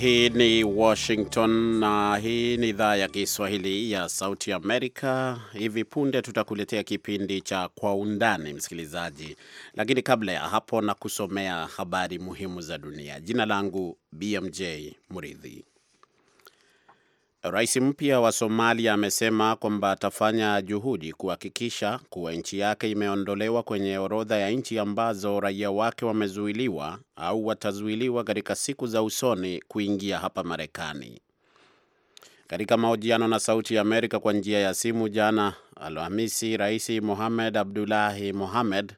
Hii ni Washington na hii ni idhaa ya Kiswahili ya Sauti Amerika. Hivi punde tutakuletea kipindi cha Kwa Undani, msikilizaji, lakini kabla ya hapo na kusomea habari muhimu za dunia. Jina langu BMJ Muridhi. Rais mpya wa Somalia amesema kwamba atafanya juhudi kuhakikisha kuwa nchi yake imeondolewa kwenye orodha ya nchi ambazo raia wake wamezuiliwa au watazuiliwa katika siku za usoni kuingia hapa Marekani. Katika mahojiano na Sauti ya Amerika kwa njia ya simu jana Alhamisi, Rais Mohamed Abdullahi Mohamed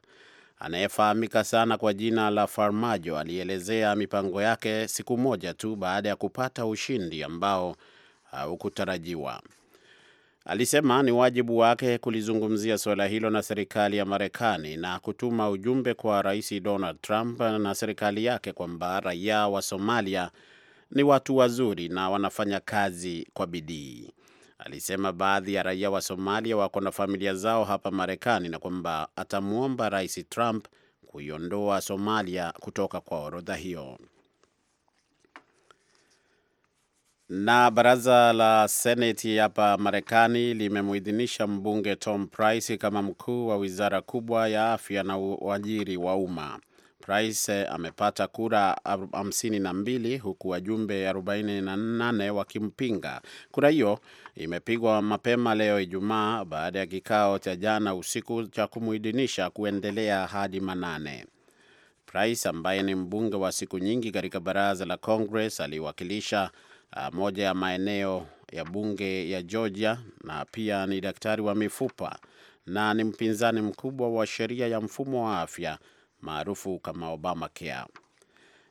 anayefahamika sana kwa jina la Farmajo alielezea mipango yake siku moja tu baada ya kupata ushindi ambao au kutarajiwa Alisema ni wajibu wake kulizungumzia suala hilo na serikali ya Marekani na kutuma ujumbe kwa Rais Donald Trump na serikali yake kwamba raia wa Somalia ni watu wazuri na wanafanya kazi kwa bidii. Alisema baadhi ya raia wa Somalia wako na familia zao hapa Marekani na kwamba atamwomba Rais Trump kuiondoa Somalia kutoka kwa orodha hiyo. Na baraza la seneti hapa Marekani limemuidhinisha mbunge Tom Price kama mkuu wa wizara kubwa ya afya na uajiri wa umma. Price eh, amepata kura 52 huku wajumbe 48 wakimpinga. Kura hiyo imepigwa mapema leo Ijumaa, baada ya kikao cha jana usiku cha kumuidhinisha kuendelea hadi manane. Price ambaye ni mbunge wa siku nyingi katika baraza la Congress aliwakilisha uh, moja ya maeneo ya bunge ya Georgia, na pia ni daktari wa mifupa na ni mpinzani mkubwa wa sheria ya mfumo wa afya maarufu kama Obamacare.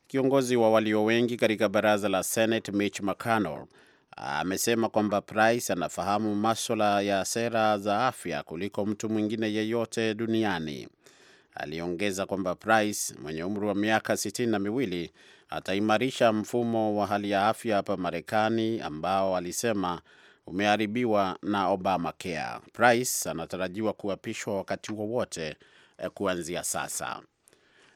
Kiongozi wa walio wengi katika baraza la Senate Mitch McConnell amesema kwamba Price anafahamu maswala ya sera za afya kuliko mtu mwingine yeyote duniani. Aliongeza kwamba Price mwenye umri wa miaka sitini na miwili ataimarisha mfumo wa hali ya afya hapa Marekani ambao alisema umeharibiwa na Obamacare. Price anatarajiwa kuapishwa wakati wowote wa eh, kuanzia sasa.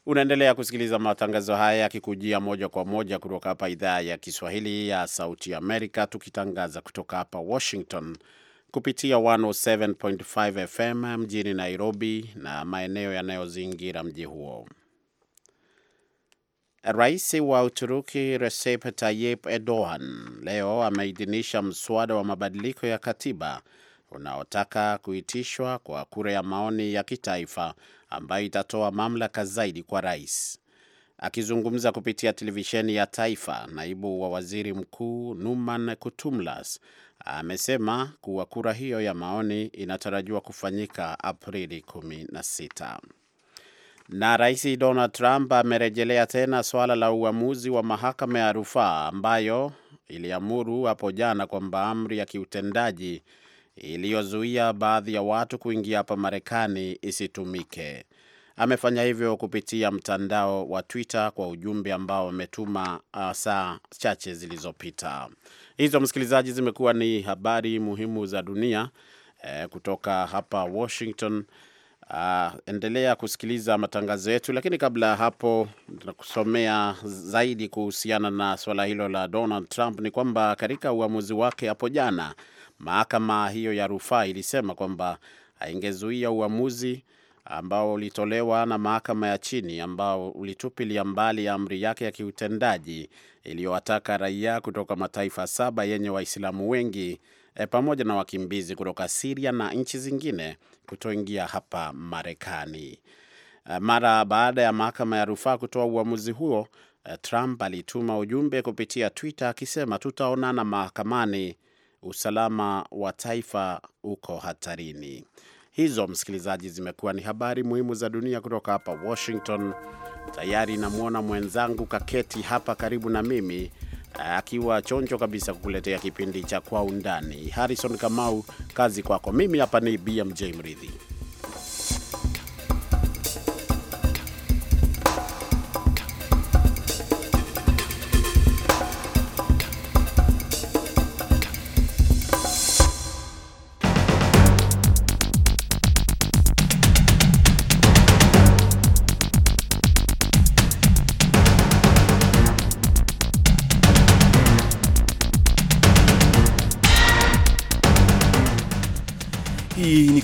Unaendelea kusikiliza matangazo haya yakikujia moja kwa moja kutoka hapa idhaa ya Kiswahili ya Sauti Amerika, tukitangaza kutoka hapa Washington kupitia 107.5 FM mjini Nairobi na maeneo yanayozingira mji huo. Rais wa Uturuki Recep Tayyip Erdogan leo ameidhinisha mswada wa mabadiliko ya katiba unaotaka kuitishwa kwa kura ya maoni ya kitaifa ambayo itatoa mamlaka zaidi kwa rais. Akizungumza kupitia televisheni ya taifa, naibu wa waziri mkuu Numan Kutumlas amesema kuwa kura hiyo ya maoni inatarajiwa kufanyika Aprili 16. Na Rais Donald Trump amerejelea tena suala la uamuzi wa mahakama ya rufaa ambayo iliamuru hapo jana kwamba amri ya kiutendaji iliyozuia baadhi ya watu kuingia hapa Marekani isitumike. Amefanya hivyo kupitia mtandao wa Twitter kwa ujumbe ambao ametuma uh, saa chache zilizopita. Hizo msikilizaji, zimekuwa ni habari muhimu za dunia eh, kutoka hapa Washington. Uh, endelea kusikiliza matangazo yetu, lakini kabla ya hapo tunakusomea zaidi kuhusiana na suala hilo la Donald Trump. Ni kwamba katika uamuzi wake hapo jana, mahakama hiyo ya rufaa ilisema kwamba haingezuia uamuzi ambao ulitolewa na mahakama ya chini ambao ulitupilia mbali ya amri yake ya kiutendaji iliyowataka raia kutoka mataifa saba yenye Waislamu wengi e, pamoja na wakimbizi kutoka Siria na nchi zingine kutoingia hapa Marekani. E, mara baada ya mahakama ya rufaa kutoa uamuzi huo, e, Trump alituma ujumbe kupitia Twitter akisema, tutaonana mahakamani, usalama wa taifa uko hatarini. Hizo msikilizaji, zimekuwa ni habari muhimu za dunia kutoka hapa Washington. Tayari namwona mwenzangu kaketi hapa karibu na mimi akiwa chonjo kabisa kukuletea kipindi cha Kwa Undani. Harrison Kamau, kazi kwako. Mimi hapa ni BMJ Mridhi.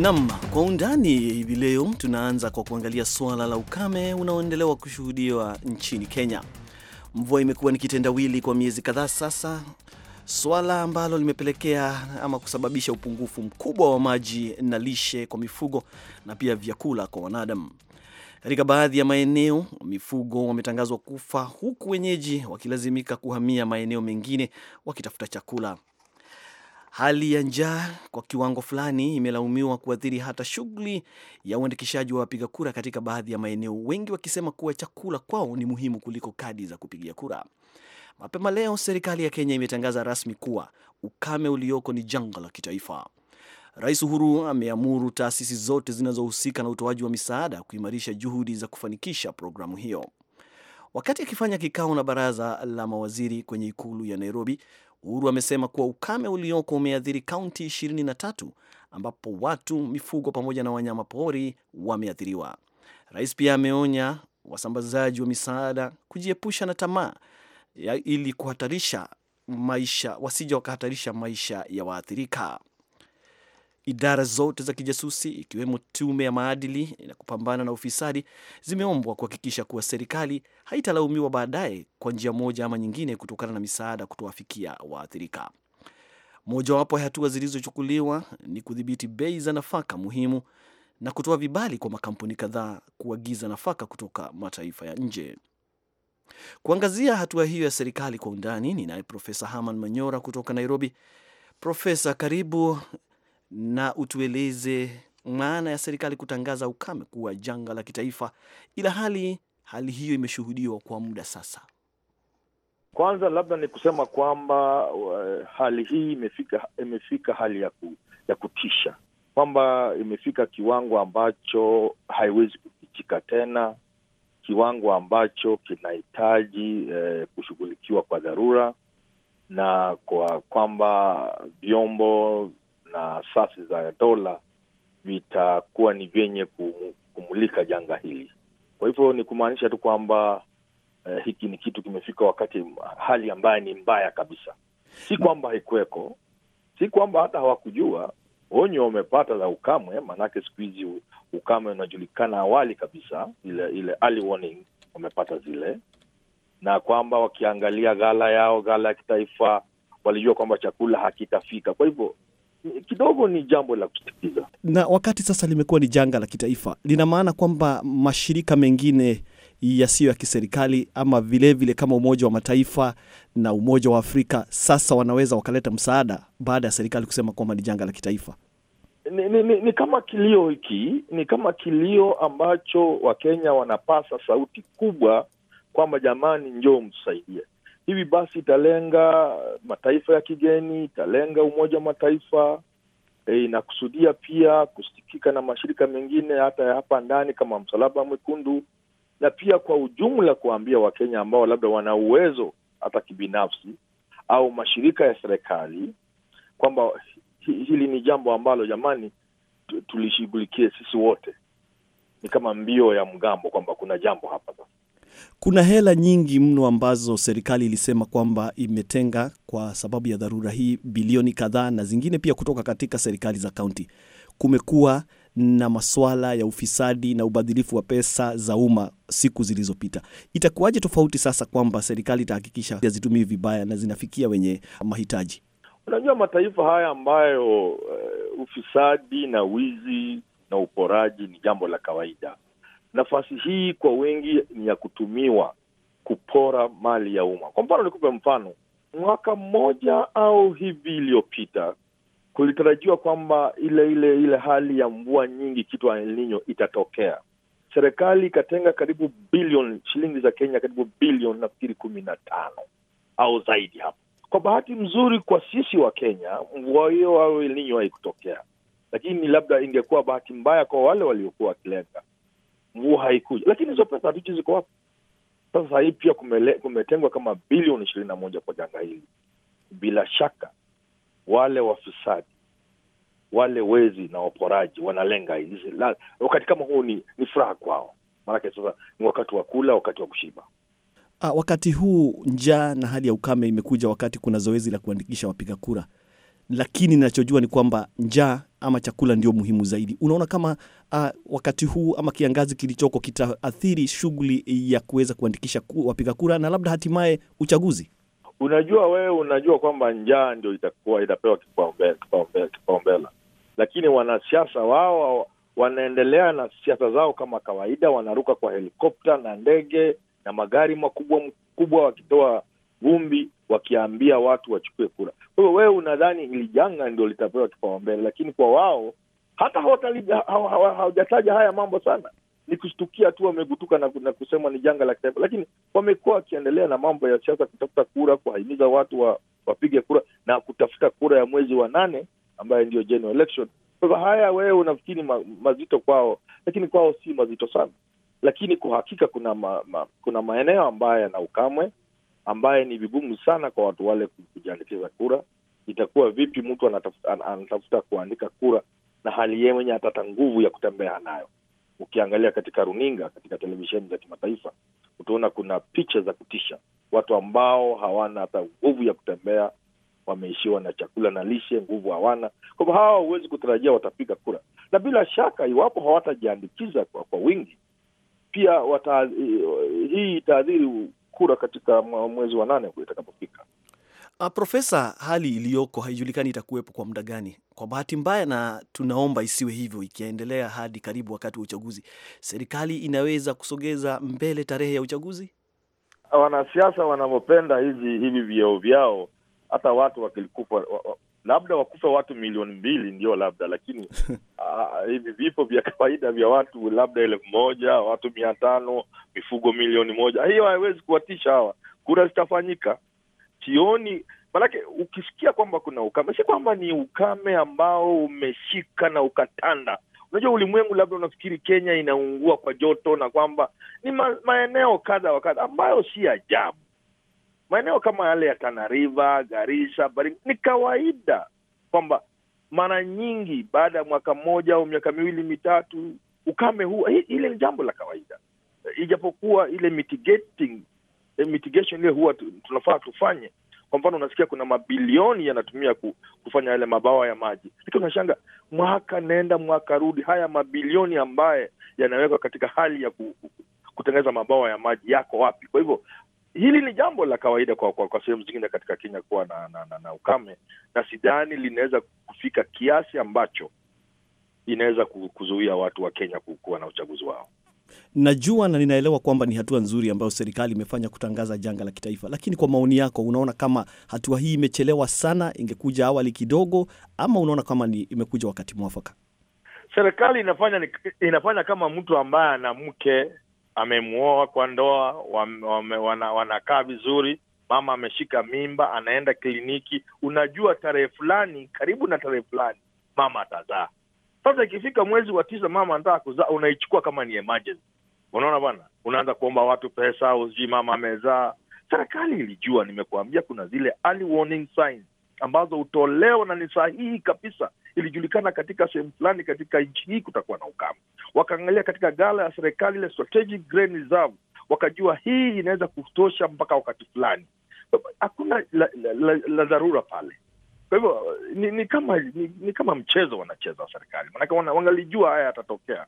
Nam kwa undani hivi leo, tunaanza kwa kuangalia suala la ukame unaoendelewa kushuhudiwa nchini Kenya. Mvua imekuwa ni kitendawili kwa miezi kadhaa sasa, swala ambalo limepelekea ama kusababisha upungufu mkubwa wa maji na lishe kwa mifugo na pia vyakula kwa wanadamu. Katika baadhi ya maeneo mifugo wametangazwa kufa, huku wenyeji wakilazimika kuhamia maeneo mengine wakitafuta chakula. Hali ya njaa kwa kiwango fulani imelaumiwa kuathiri hata shughuli ya uandikishaji wa wapiga kura katika baadhi ya maeneo, wengi wakisema kuwa chakula kwao ni muhimu kuliko kadi za kupigia kura. Mapema leo serikali ya Kenya imetangaza rasmi kuwa ukame ulioko ni janga la kitaifa. Rais Uhuru ameamuru taasisi zote zinazohusika na utoaji wa misaada kuimarisha juhudi za kufanikisha programu hiyo. Wakati akifanya kikao na baraza la mawaziri kwenye ikulu ya Nairobi, Uhuru amesema kuwa ukame ulioko umeathiri kaunti 23 ambapo watu, mifugo pamoja na wanyama pori wameathiriwa. Rais pia ameonya wasambazaji wa misaada kujiepusha na tamaa ili kuhatarisha maisha, wasije wakahatarisha maisha ya waathirika. Idara zote za kijasusi ikiwemo tume ya maadili na kupambana na ufisadi zimeombwa kuhakikisha kuwa serikali haitalaumiwa baadaye kwa njia moja ama nyingine kutokana na misaada kutowafikia waathirika. Mojawapo ya hatua zilizochukuliwa ni kudhibiti bei za nafaka muhimu na kutoa vibali kwa makampuni kadhaa kuagiza nafaka kutoka mataifa ya nje. Kuangazia hatua hiyo ya serikali kwa undani, ninaye Profesa Herman Manyora kutoka Nairobi. Profesa, karibu na utueleze maana ya serikali kutangaza ukame kuwa janga la kitaifa, ila hali hali hiyo imeshuhudiwa kwa muda sasa. Kwanza labda ni kusema kwamba uh, hali hii imefika imefika hali ya, ku, ya kutisha kwamba imefika kiwango ambacho haiwezi kufichika tena, kiwango ambacho kinahitaji eh, kushughulikiwa kwa dharura na kwa kwamba vyombo na asasi za dola vitakuwa ni vyenye kumulika janga hili. Kwa hivyo ni kumaanisha tu kwamba eh, hiki ni kitu kimefika wakati, hali ambayo ni mbaya kabisa. Si kwamba haikuweko, si kwamba hata hawakujua onyo wamepata la ukamwe, maanake siku hizi ukame unajulikana awali kabisa, ile ile early warning wamepata zile, na kwamba wakiangalia ghala yao, ghala ya kitaifa, walijua kwamba chakula hakitafika. Kwa hivyo kidogo ni jambo la kustikiza Na wakati sasa limekuwa ni janga la kitaifa, lina maana kwamba mashirika mengine yasiyo ya kiserikali ama vilevile vile kama Umoja wa Mataifa na Umoja wa Afrika sasa wanaweza wakaleta msaada baada ya serikali kusema kwamba ni janga la kitaifa. Ni, ni, ni, ni kama kilio hiki, ni kama kilio ambacho Wakenya wanapasa sauti kubwa kwamba jamani, njoo mtusaidie hivi basi italenga mataifa ya kigeni, italenga Umoja wa Mataifa e, inakusudia pia kusikika na mashirika mengine hata ya hapa ndani kama Msalaba Mwekundu, na pia kwa ujumla kuwaambia Wakenya ambao labda wana uwezo hata kibinafsi au mashirika ya serikali kwamba hili ni jambo ambalo jamani, tulishughulikie sisi wote. Ni kama mbio ya mgambo kwamba kuna jambo hapa sasa. Kuna hela nyingi mno ambazo serikali ilisema kwamba imetenga kwa sababu ya dharura hii, bilioni kadhaa, na zingine pia kutoka katika serikali za kaunti. Kumekuwa na maswala ya ufisadi na ubadhilifu wa pesa za umma siku zilizopita. Itakuwaje tofauti sasa kwamba serikali itahakikisha hazitumii vibaya na zinafikia wenye mahitaji? Unajua, mataifa haya ambayo uh, ufisadi na wizi na uporaji ni jambo la kawaida nafasi hii kwa wengi ni ya kutumiwa kupora mali ya umma. Kwa mfano, nikupe mfano, mwaka mmoja au hivi iliyopita kulitarajiwa kwamba ile ile ile hali ya mvua nyingi kitu El Nino itatokea. Serikali ikatenga karibu bilioni shilingi za Kenya, karibu bilioni nafikiri kumi na tano au zaidi hapo. Kwa bahati mzuri kwa sisi wa Kenya, mvua hiyo au El Nino haikutokea, lakini labda ingekuwa bahati mbaya kwa wale waliokuwa wakilenga mvua haikuja, lakini hizo pesa hatujui ziko wapi. Sasa hii pia kumele, kumetengwa kama bilioni ishirini na moja kwa janga hili. Bila shaka wale wafisadi wale wezi na waporaji wanalenga hizi. Wakati kama huu ni, ni furaha kwao, maanake sasa ni wakati wa kula, wakati wa kushiba. A, ah, wakati huu njaa na hali ya ukame imekuja wakati kuna zoezi la kuandikisha wapiga kura lakini ninachojua ni kwamba njaa ama chakula ndio muhimu zaidi. Unaona kama uh, wakati huu ama kiangazi kilichoko kitaathiri shughuli ya kuweza kuandikisha ku, wapiga kura na labda hatimaye uchaguzi? Unajua, wewe unajua kwamba njaa ndio itakuwa itapewa kipaumbela kipaumbele, lakini wanasiasa wao wanaendelea na siasa zao kama kawaida, wanaruka kwa helikopta na ndege na magari makubwa makubwa wakitoa vumbi wakiambia watu wachukue kura. Kwa hiyo wewe unadhani hili janga ndio litapewa kipaumbele, lakini kwa wao hata hawajataja haya mambo sana, ni kushtukia tu wamegutuka na, na kusema ni janga la kitaifa, lakini wamekuwa wakiendelea na mambo ya siasa, kutafuta kura, kuwahimiza watu wa, wapige kura na kutafuta kura ya mwezi wa nane ambayo ndio general election. Kwa hivyo haya wewe unafikiri ma, mazito kwao, lakini kwao si mazito sana, lakini kwa hakika kuna ma, ma, kuna maeneo ambayo yana ukamwe ambaye ni vigumu sana kwa watu wale kujiandikiza kura. Itakuwa vipi mtu anatafuta, kuandika kura na hali yeye mwenye atata nguvu ya kutembea nayo? Ukiangalia katika runinga, katika televisheni za kimataifa, utaona kuna picha za kutisha, watu ambao hawana hata nguvu ya kutembea, wameishiwa na chakula na lishe, nguvu hawana. Kwa hivyo hawa huwezi kutarajia watapiga kura, na bila shaka iwapo hawatajiandikiza kwa, kwa wingi pia wata, eh, hii itaadhiri kura katika mwezi wa nane itakapofika. Ah, profesa, hali iliyoko haijulikani itakuwepo kwa muda gani. Kwa bahati mbaya, na tunaomba isiwe hivyo, ikiendelea hadi karibu wakati wa uchaguzi, serikali inaweza kusogeza mbele tarehe ya uchaguzi. Wanasiasa wanavyopenda hivi hivi vyeo vyao, hata watu wakilikufa labda wakufa watu milioni mbili ndio labda, lakini ah, ah, hivi vifo vya kawaida vya watu labda elfu moja watu mia tano mifugo milioni moja, hiyo haiwezi kuwatisha hawa. Kura zitafanyika sioni, maanake ukisikia kwamba kuna ukame, si kwamba ni ukame ambao umeshika na ukatanda. Unajua ulimwengu labda unafikiri Kenya inaungua kwa joto na kwamba ni ma maeneo kadha wa kadha ambayo si ajabu maeneo kama yale ya Tanariva, Garisha, Baringo, ni kawaida kwamba mara nyingi baada ya mwaka mmoja au miaka miwili mitatu ukame huwa ile ni jambo la kawaida, ijapokuwa ile mitigating, eh, mitigation ile huwa tunafaa tufanye. Kwa mfano, unasikia kuna mabilioni yanatumia kufanya yale mabawa ya maji, lakini unashanga mwaka nenda mwaka rudi, haya mabilioni ambaye yanawekwa katika hali ya kutengeneza mabawa ya maji yako wapi? Kwa hivyo hili ni jambo la kawaida kwa, kwa, kwa sehemu zingine katika Kenya kuwa na, na, na, na ukame, na sidhani linaweza kufika kiasi ambacho inaweza kuzuia watu wa Kenya kuwa na uchaguzi wao. Najua na ninaelewa kwamba ni hatua nzuri ambayo serikali imefanya kutangaza janga la kitaifa, lakini kwa maoni yako, unaona kama hatua hii imechelewa sana, ingekuja awali kidogo, ama unaona kama ni imekuja wakati mwafaka? Serikali inafanya inafanya kama mtu ambaye ana mke amemwoa kwa ndoa, wanakaa vizuri, mama ameshika mimba, anaenda kliniki, unajua tarehe fulani, karibu na tarehe fulani mama atazaa. Sasa ikifika mwezi wa tisa, mama anataka kuzaa, unaichukua kama ni emergency. Unaona bwana, unaanza kuomba watu pesa au sijui mama amezaa. Serikali ilijua, nimekuambia kuna zile early warning signs ambazo hutolewa na ni sahihi kabisa ilijulikana katika sehemu fulani katika nchi hii kutakuwa na ukame. Wakaangalia katika gala ya serikali ile strategic grain reserve, wakajua hii inaweza kutosha mpaka wakati fulani. Hakuna la, la, la, la dharura pale. Kwa hivyo ni, ni kama ni, ni kama mchezo wanacheza serikali, manake wangalijua haya yatatokea,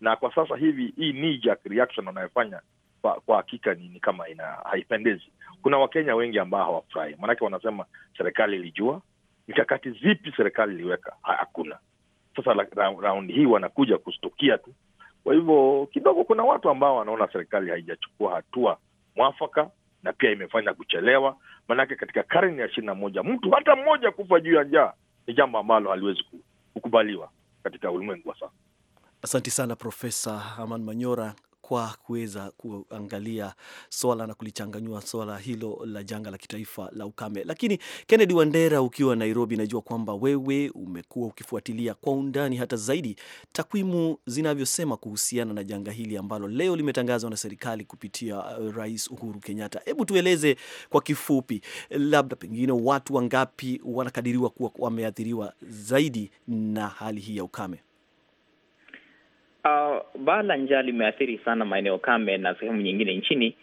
na kwa sasa hivi hii knee-jerk reaction wanayofanya kwa, kwa hakika ni, ni kama ina haipendezi. Kuna Wakenya wengi ambao hawafurahi, manake wanasema serikali ilijua, mikakati zipi serikali iliweka? Hakuna. Sasa raundi hii wanakuja kustukia tu. Kwa hivyo kidogo, kuna watu ambao wanaona serikali haijachukua hatua mwafaka na pia imefanya kuchelewa, maanake katika karne ya ishirini na moja mtu hata mmoja kufa juu ya njaa ni jambo ambalo haliwezi kukubaliwa katika ulimwengu wa sasa. Asanti sana Profesa Aman Manyora kwa kuweza kuangalia swala na kulichanganyua swala hilo la janga la kitaifa la ukame. Lakini Kennedy Wandera, ukiwa Nairobi, najua kwamba wewe umekuwa ukifuatilia kwa undani hata zaidi takwimu zinavyosema kuhusiana na janga hili ambalo leo limetangazwa na serikali kupitia uh, Rais Uhuru Kenyatta. Hebu tueleze kwa kifupi, labda pengine watu wangapi wanakadiriwa kuwa wameathiriwa zaidi na hali hii ya ukame? Uh, baa la njaa limeathiri sana maeneo kame na sehemu nyingine nchini.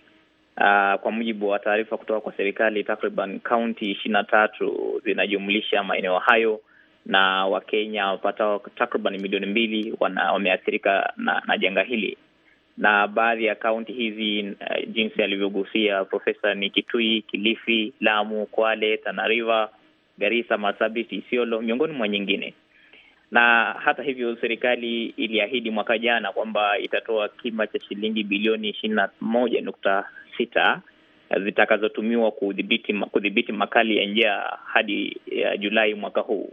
Uh, kwa mujibu wa taarifa kutoka kwa serikali, takriban kaunti ishirini na tatu zinajumlisha maeneo hayo, na Wakenya wapatao takriban milioni mbili wameathirika na, na janga hili, na baadhi ya kaunti hizi uh, jinsi alivyogusia Profesa ni Kitui, Kilifi, Lamu, Kwale, Tana River, Garissa, Marsabit, Isiolo miongoni mwa nyingine na hata hivyo serikali iliahidi mwaka jana kwamba itatoa kima cha shilingi bilioni ishirini na moja nukta sita eh, zitakazotumiwa kudhibiti kudhibiti makali ya njaa hadi ya eh, Julai mwaka huu,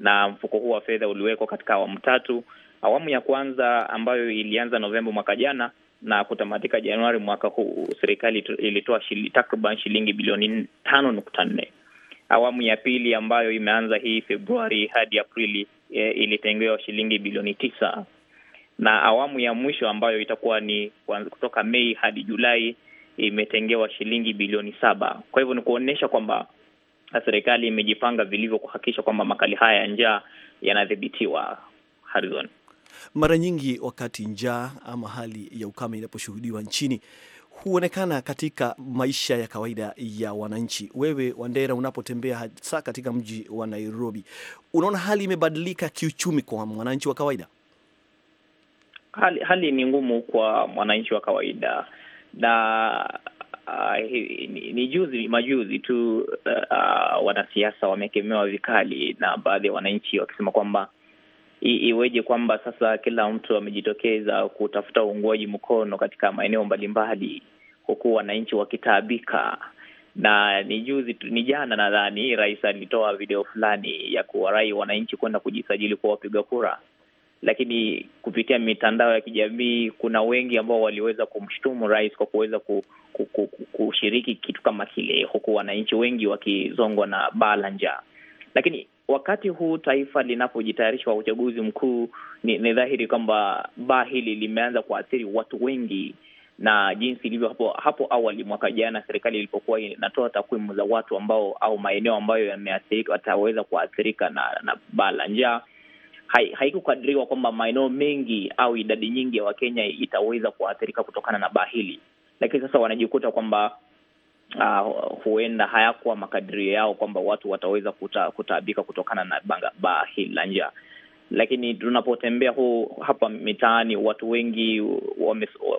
na mfuko huu wa fedha uliwekwa katika awamu tatu. Awamu ya kwanza ambayo ilianza Novemba mwaka jana na kutamatika Januari mwaka huu, serikali ilitoa shili, takriban shilingi bilioni tano nukta nne. Awamu ya pili ambayo imeanza hii Februari hadi Aprili e, ilitengewa shilingi bilioni tisa na awamu ya mwisho ambayo itakuwa ni kutoka Mei hadi Julai imetengewa shilingi bilioni saba. Kwa hivyo ni kuonyesha kwamba serikali imejipanga vilivyo kuhakikisha kwamba makali haya ya njaa yanadhibitiwa. Harizon, mara nyingi wakati njaa ama hali ya ukame inaposhuhudiwa nchini huonekana katika maisha ya kawaida ya wananchi. Wewe Wandera, unapotembea hasa katika mji wa Nairobi, unaona hali imebadilika kiuchumi kwa mwananchi wa kawaida? Hali, hali ni ngumu kwa mwananchi wa kawaida na Uh, ni, ni juzi majuzi tu uh, wanasiasa wamekemewa vikali na baadhi ya wananchi wakisema kwamba iweje kwamba sasa kila mtu amejitokeza kutafuta uungwaji mkono katika maeneo mbalimbali huku wananchi wakitaabika. Na ni juzi, ni jana nadhani, rais alitoa video fulani ya kuwarai wananchi kwenda kujisajili kwa wapiga kura, lakini kupitia mitandao ya kijamii kuna wengi ambao waliweza kumshutumu rais kwa kuweza ku, ku, ku, kushiriki kitu kama kile, huku wananchi wengi wakizongwa na baa la njaa. Lakini wakati huu taifa linapojitayarisha kwa uchaguzi mkuu, ni, ni dhahiri kwamba baa hili limeanza kuathiri watu wengi na jinsi ilivyo hapo hapo awali mwaka jana, serikali ilipokuwa inatoa takwimu za watu ambao au maeneo ambayo yameathirika wataweza kuathirika na, na baa la njaa haikukadiriwa hai kwamba maeneo mengi au idadi nyingi ya Wakenya itaweza kuathirika kutokana na baa hili, lakini sasa wanajikuta kwamba uh, huenda hayakuwa makadirio yao kwamba watu wataweza kuta, kutaabika kutokana na baa hili la njaa lakini tunapotembea huu hapa mitaani, watu wengi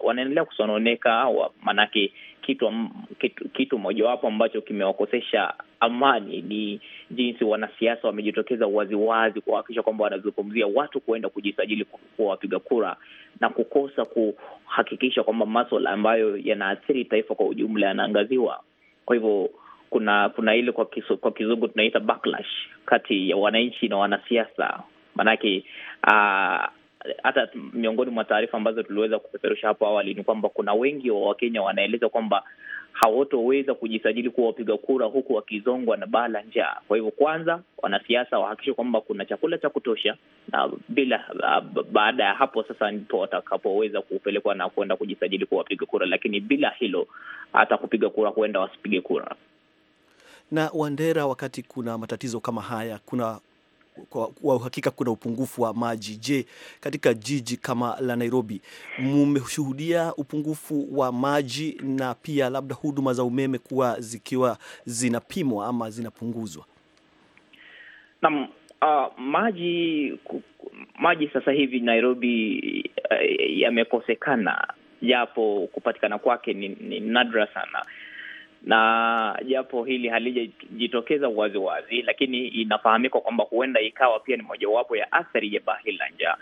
wanaendelea kusononeka, maanake kitu, kitu, kitu mojawapo ambacho kimewakosesha amani ni jinsi wanasiasa wamejitokeza waziwazi kuhakikisha kwamba wanazungumzia watu kuenda kujisajili kuwa wapiga kura na kukosa kuhakikisha kwamba maswala ambayo yanaathiri taifa kwa ujumla yanaangaziwa. Kwa hivyo kuna kuna ile kwa, kwa kizungu tunaita backlash kati ya wananchi na wanasiasa maanake uh, ah, hata miongoni mwa taarifa ambazo tuliweza kupeperusha hapo awali ni kwamba kuna wengi wa Wakenya wanaeleza kwamba hawatoweza kujisajili kuwa wapiga kura huku wakizongwa na baa la njaa. Kwa hivyo, kwanza wanasiasa wahakikishe kwamba kuna chakula cha kutosha, na bila ah, baada ya hapo sasa ndipo watakapoweza kupelekwa na kuenda kujisajili kuwa wapiga kura, lakini bila hilo hata kupiga kura huenda wasipige kura. Na Wandera, wakati kuna matatizo kama haya, kuna kwa uhakika kuna upungufu wa maji. Je, katika jiji kama la Nairobi mmeshuhudia upungufu wa maji na pia labda huduma za umeme kuwa zikiwa zinapimwa ama zinapunguzwa? Naam. Uh, maji maji sasa hivi Nairobi uh, yamekosekana, japo kupatikana kwake ni, ni nadra sana na japo hili halijajitokeza wazi wazi, lakini inafahamika kwamba huenda ikawa pia ni mojawapo ya athari ya baa hili la njaa.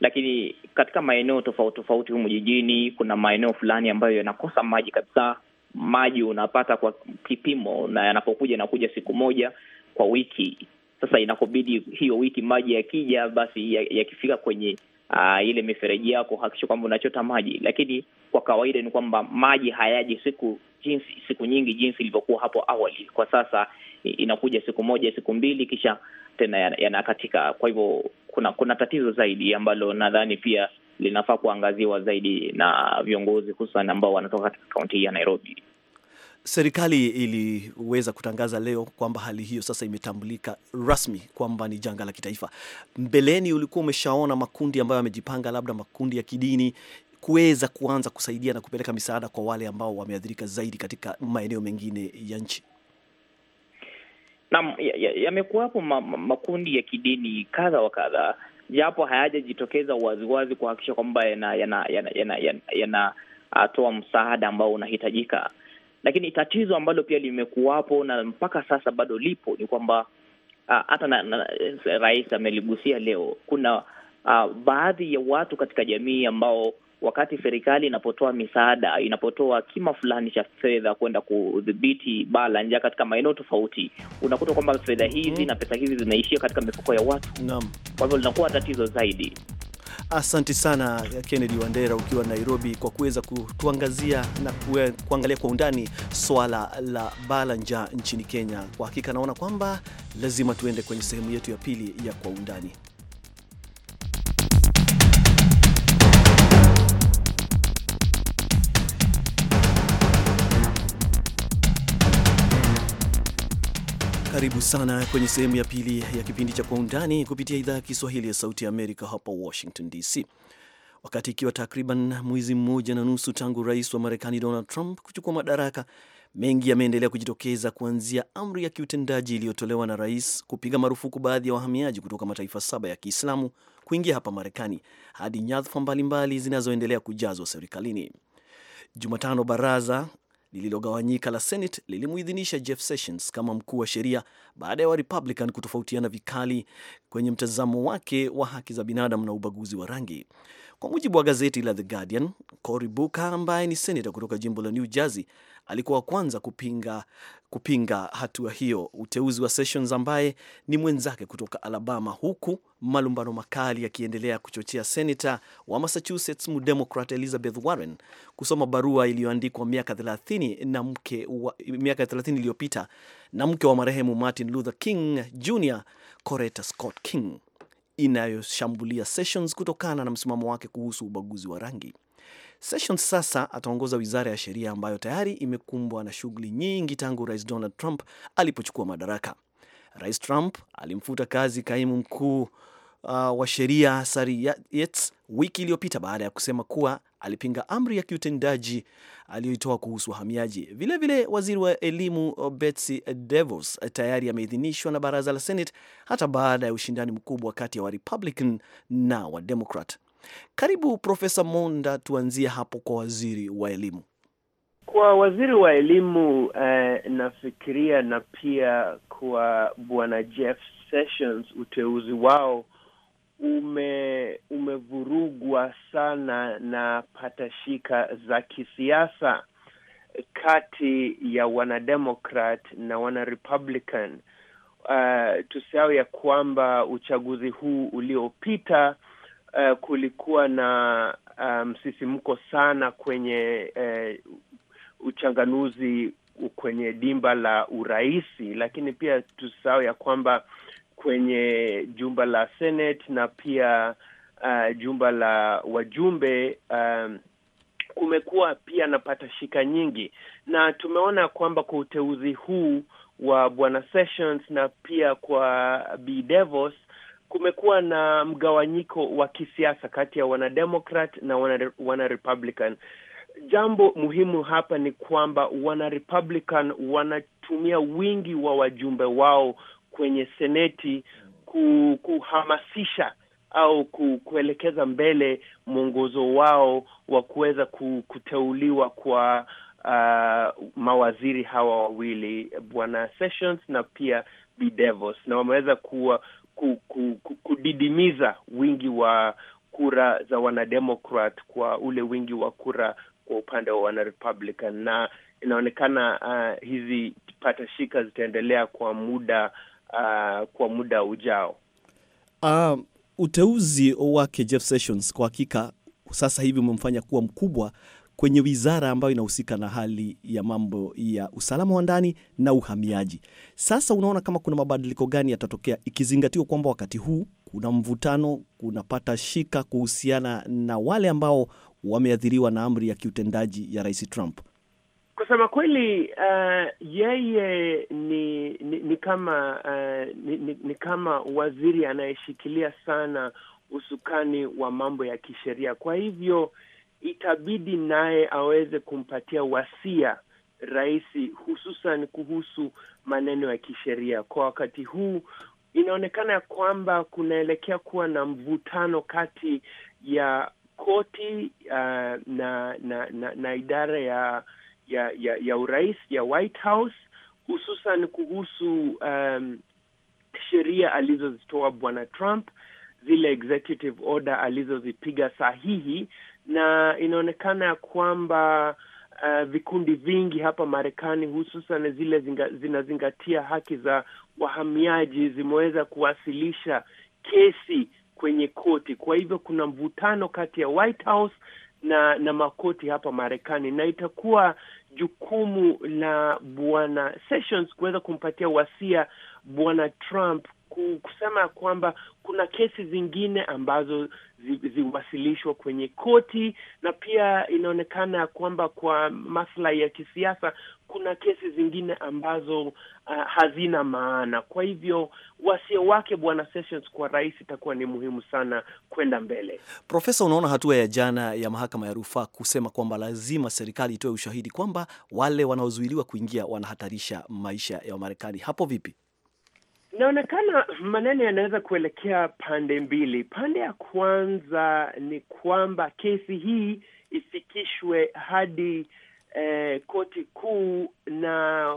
Lakini katika maeneo tofauti tofauti humu jijini, kuna maeneo fulani ambayo yanakosa maji kabisa. Maji unapata kwa kipimo, na yanapokuja yanakuja siku moja kwa wiki. Sasa inakobidi hiyo wiki maji yakija, basi yakifika ya kwenye uh, ile mifereji yako kuhakikisha kwamba unachota maji, lakini kwa kawaida ni kwamba maji hayaji siku jinsi siku nyingi jinsi ilivyokuwa hapo awali. Kwa sasa inakuja siku moja siku mbili, kisha tena yanakatika Kwa hivyo kuna kuna tatizo zaidi ambalo nadhani pia linafaa kuangaziwa zaidi na viongozi hususan ambao wanatoka katika kaunti hii ya Nairobi. Serikali iliweza kutangaza leo kwamba hali hiyo sasa imetambulika rasmi kwamba ni janga la kitaifa. Mbeleni ulikuwa umeshaona makundi ambayo yamejipanga, labda makundi ya kidini kuweza kuanza kusaidia na kupeleka misaada kwa wale ambao wameathirika zaidi katika maeneo mengine ya nchi. Naam, yamekuwapo ya, ya ma, makundi ya kidini kadha wa kadha, japo hayajajitokeza waziwazi kuhakikisha kwamba yanatoa yana, yana, yana, yana, yana, uh, msaada ambao unahitajika lakini tatizo ambalo pia limekuwapo na mpaka sasa bado lipo ni kwamba ah, hata na, na, rais ameligusia leo, kuna a, ah, baadhi ya watu katika jamii ambao wakati serikali inapotoa misaada, inapotoa kima fulani cha fedha kwenda kudhibiti baa la njaa katika maeneo tofauti, unakuta kwamba fedha hizi mm -hmm. na pesa hizi zinaishia katika mifuko ya watu Kwa hivyo linakuwa tatizo zaidi. Asante sana Kennedy Wandera ukiwa Nairobi kwa kuweza kutuangazia na kue, kuangalia kwa undani swala la bala njaa nchini Kenya. Kwa hakika naona kwamba lazima tuende kwenye sehemu yetu ya pili ya kwa undani. Karibu sana kwenye sehemu ya pili ya kipindi cha Kwa Undani kupitia idhaa ya Kiswahili ya Sauti ya Amerika hapa Washington DC. Wakati ikiwa takriban mwezi mmoja na nusu tangu rais wa Marekani Donald Trump kuchukua madaraka, mengi yameendelea kujitokeza, kuanzia amri ya kiutendaji iliyotolewa na rais kupiga marufuku baadhi ya wahamiaji kutoka mataifa saba ya Kiislamu kuingia hapa Marekani hadi nyadhifa mbalimbali zinazoendelea kujazwa serikalini. Jumatano, baraza lililogawanyika la Senate lilimuidhinisha Jeff Sessions kama mkuu wa sheria baada ya Warepublican kutofautiana vikali kwenye mtazamo wake wa haki za binadamu na ubaguzi wa rangi. Kwa mujibu wa gazeti la The Guardian, Cory Booker ambaye ni senata kutoka jimbo la New Jersey alikuwa wa kwanza kupinga, kupinga hatua hiyo, uteuzi wa Sessions ambaye ni mwenzake kutoka Alabama, huku malumbano makali yakiendelea kuchochea senata wa Massachusetts mdemokrat Elizabeth Warren kusoma barua iliyoandikwa miaka 30 iliyopita na mke wa marehemu Martin Luther King Jr, Coretta Scott King, inayoshambulia Sessions kutokana na msimamo wake kuhusu ubaguzi wa rangi. Sessions sasa ataongoza wizara ya sheria ambayo tayari imekumbwa na shughuli nyingi tangu Rais Donald Trump alipochukua madaraka. Rais Trump alimfuta kazi kaimu mkuu uh, wa sheria Sari Yates wiki iliyopita baada ya kusema kuwa alipinga amri ya kiutendaji aliyoitoa kuhusu wahamiaji. Vilevile, waziri wa elimu uh, Betsy DeVos uh, tayari ameidhinishwa na baraza la Senate hata baada ya ushindani mkubwa kati ya Warepublican na Wademokrat. Karibu Profesa Monda, tuanzie hapo kwa waziri wa elimu. Kwa waziri wa elimu eh, nafikiria na pia kwa bwana Jeff Sessions, uteuzi wao ume umevurugwa sana na patashika za kisiasa kati ya wanademokrat na wanarepublican. Uh, tusahau ya kwamba uchaguzi huu uliopita uh, kulikuwa na eh, msisimko um, sana kwenye uh, uchanganuzi kwenye dimba la urahisi lakini pia tusahau ya kwamba kwenye jumba la Senate na pia uh, jumba la wajumbe um, kumekuwa pia napata shika nyingi, na tumeona kwamba kwa uteuzi huu wa bwana Sessions na pia kwa Bi Devos kumekuwa na mgawanyiko wa kisiasa kati ya wanademokrat na wanarepublican wana Jambo muhimu hapa ni kwamba wana wanatumia wingi wa wajumbe wao kwenye seneti kuhamasisha au kuelekeza mbele mwongozo wao wa kuweza kuteuliwa kwa uh, mawaziri hawa wawili, Bwana Sessions na pia Bi Devos, na wameweza kuwa ku, ku, ku, kudidimiza wingi wa kura za wanademokrat kwa ule wingi wa kura kwa upande wa wanarepublican na inaonekana uh, hizi patashika zitaendelea kwa muda uh, kwa muda ujao. uh, uteuzi wake Jeff Sessions kwa hakika sasa hivi umemfanya kuwa mkubwa kwenye wizara ambayo inahusika na hali ya mambo ya usalama wa ndani na uhamiaji. Sasa unaona kama kuna mabadiliko gani yatatokea, ikizingatiwa kwamba wakati huu kuna mvutano, kunapata shika kuhusiana na wale ambao wameathiriwa na amri ya kiutendaji ya Rais Trump. Kusema kweli, uh, yeye ni ni, ni kama uh, ni, ni, ni kama waziri anayeshikilia sana usukani wa mambo ya kisheria. Kwa hivyo itabidi naye aweze kumpatia wasia rais, hususan kuhusu maneno ya kisheria. Kwa wakati huu inaonekana ya kwamba kunaelekea kuwa na mvutano kati ya koti uh, na, na, na, na idara ya ya, ya, ya urais ya White House hususan kuhusu um, sheria alizozitoa bwana Trump, zile executive order alizozipiga sahihi na inaonekana ya kwamba uh, vikundi vingi hapa Marekani hususan zile zinga, zinazingatia haki za wahamiaji zimeweza kuwasilisha kesi kwenye koti. Kwa hivyo kuna mvutano kati ya White House na na makoti hapa Marekani, na itakuwa jukumu la bwana Sessions kuweza kumpatia wasia bwana Trump kusema kwamba kuna kesi zingine ambazo ziwasilishwa kwenye koti, na pia inaonekana ya kwamba kwa maslahi ya kisiasa kuna kesi zingine ambazo uh, hazina maana. Kwa hivyo wasio wake Bwana Sessions kwa rais itakuwa ni muhimu sana kwenda mbele. Profesa, unaona hatua ya jana ya mahakama ya rufaa kusema kwamba lazima serikali itoe ushahidi kwamba wale wanaozuiliwa kuingia wanahatarisha maisha ya Wamarekani, hapo vipi? Naonekana maneno yanaweza kuelekea pande mbili. Pande ya kwanza ni kwamba kesi hii ifikishwe hadi eh, koti kuu, na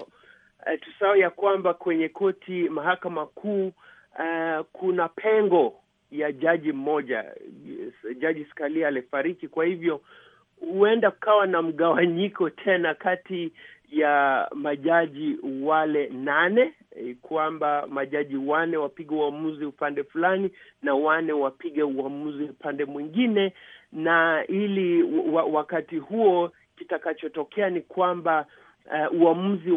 eh, tusahau ya kwamba kwenye koti mahakama kuu eh, kuna pengo ya jaji mmoja. Jaji skali alifariki, kwa hivyo huenda kukawa na mgawanyiko tena kati ya majaji wale nane Eh, kwamba majaji wane wapige uamuzi upande fulani na wane wapige uamuzi upande mwingine, na ili wa, wakati huo kitakachotokea ni kwamba uh, uamuzi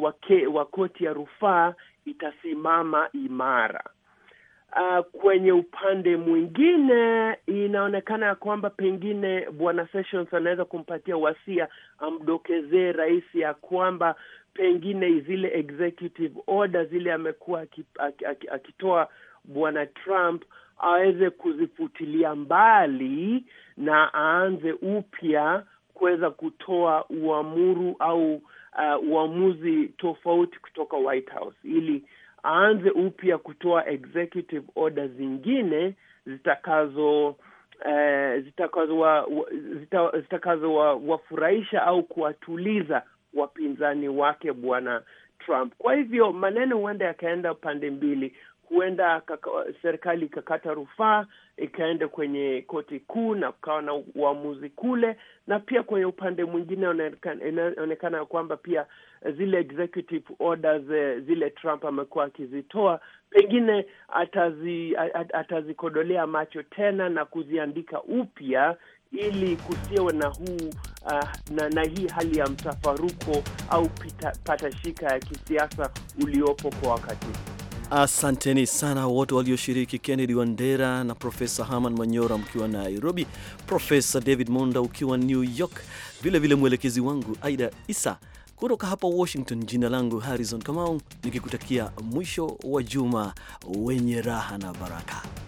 wa koti ya rufaa itasimama imara. Uh, kwenye upande mwingine inaonekana ya kwamba pengine Bwana Sessions anaweza kumpatia wasia, amdokezee rais ya kwamba pengine zile executive order zile amekuwa akitoa bwana Trump aweze kuzifutilia mbali na aanze upya kuweza kutoa uamuru au uh, uamuzi tofauti kutoka White House ili aanze upya kutoa executive order zingine zitakazo uh, zitakazo wa, zita, zitakazo wa, wafurahisha au kuwatuliza wapinzani wake Bwana Trump. Kwa hivyo maneno huenda yakaenda pande mbili, huenda serikali ikakata rufaa ikaenda kwenye koti kuu na kukawa na uamuzi kule, na pia kwenye upande mwingine inaonekana ya kwamba pia zile executive orders eh, zile Trump amekuwa akizitoa pengine atazi, atazikodolea macho tena na kuziandika upya ili kusiwe na huu uh, na, na hii hali ya mtafaruko au pita, patashika ya kisiasa uliopo kwa wakati. Asanteni sana wote walioshiriki, Kennedy Wandera na Profesa Herman Manyora mkiwa Nairobi, Profesa David Monda ukiwa New York, vilevile mwelekezi wangu Aida Isa kutoka hapa Washington. Jina langu Harrison Kamau, nikikutakia mwisho wa juma wenye raha na baraka.